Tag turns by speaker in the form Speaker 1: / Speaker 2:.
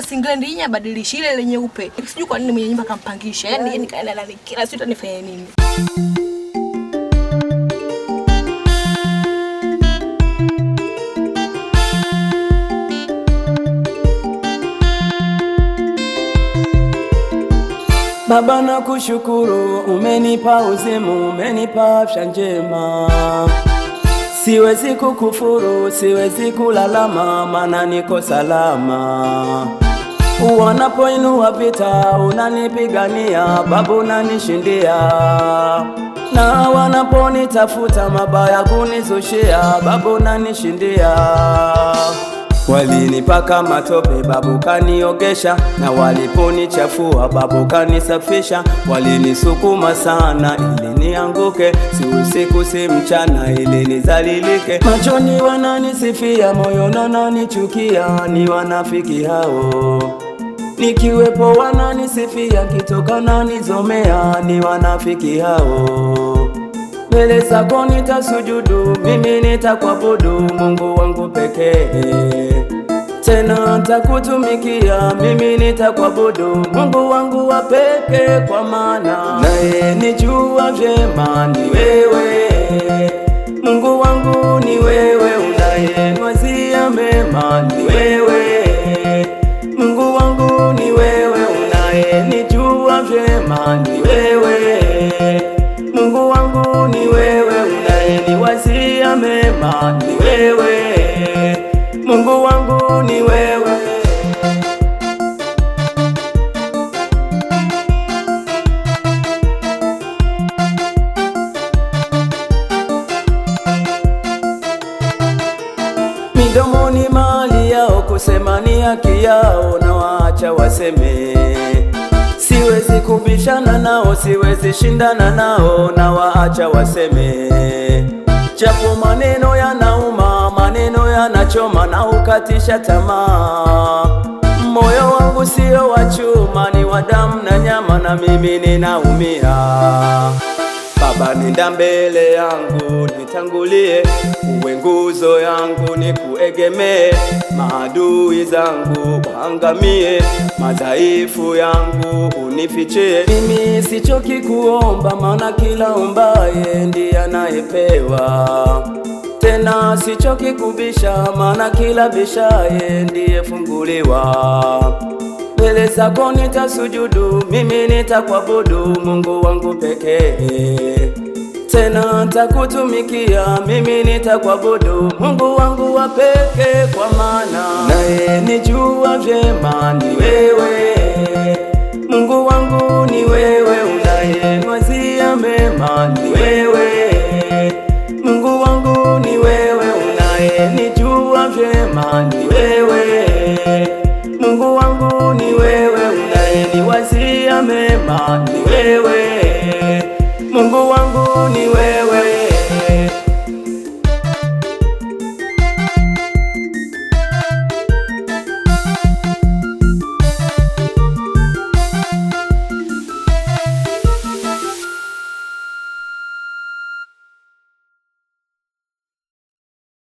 Speaker 1: hata singlendi hii abadilishi ile ile nyeupe. Sijui kwa nini mwenye nyumba kampangisha. Yaani yani kaenda ndani kila siku tanifanya nini?
Speaker 2: Baba na kushukuru, umenipa uzima, umenipa afya njema. Siwezi kukufuru, siwezi kulalama, maana niko salama. Wanapoinua vita unanipigania, Baba unanishindia, na wanaponitafuta mabaya kunizushia, babu unanishindia. Walinipaka matope, babu kaniogesha na waliponichafua, babu kanisafisha Walinisukuma sana ili nianguke, si usiku si mchana, ili nizalilike. Machoni wananisifia, moyo nananichukia ni wanafiki hao nikiwepo wananisifia, kitoka nizomea ni wanafiki hao. Mbele zako nitasujudu, mimi nitakuabudu, Mungu wangu pekee tena takutumikia mimi nitakuabudu, Mungu wangu wa pekee, kwa maana naye jua vyema ni wewe. Mungu wangu ni wewe, unaye unayenwazia mema ni wewe. ni wewe Mungu wangu ni wewe Midomo ni mali yao, kusema ni haki yao, na waacha waseme. Siwezi kubishana nao, siwezi shindana nao, na waacha waseme. Japo maneno yanauma, maneno yanachoma na ukatisha tamaa. Moyo wangu sio wa chuma, ni wa damu na nyama, na mimi ninaumia. Baba, nenda mbele yangu, nitangulie, uwe nguzo yangu, nikuegemee. Maadui zangu waangamie, madhaifu yangu unifichie. Mimi sichoki kuomba, maana kila ombaye ndiye anayepewa tena sichoki kubisha, maana kila bishaye ndiye funguliwa mbele zako nitasujudu, mimi nitakuabudu Mungu wangu pekee. Tena takutumikia mimi nitakuabudu Mungu wangu wa pekee, kwa maana naye jua vyema ni wewe Mungu wangu, ni wewe unayemwazia mema, ni wewe imani wewe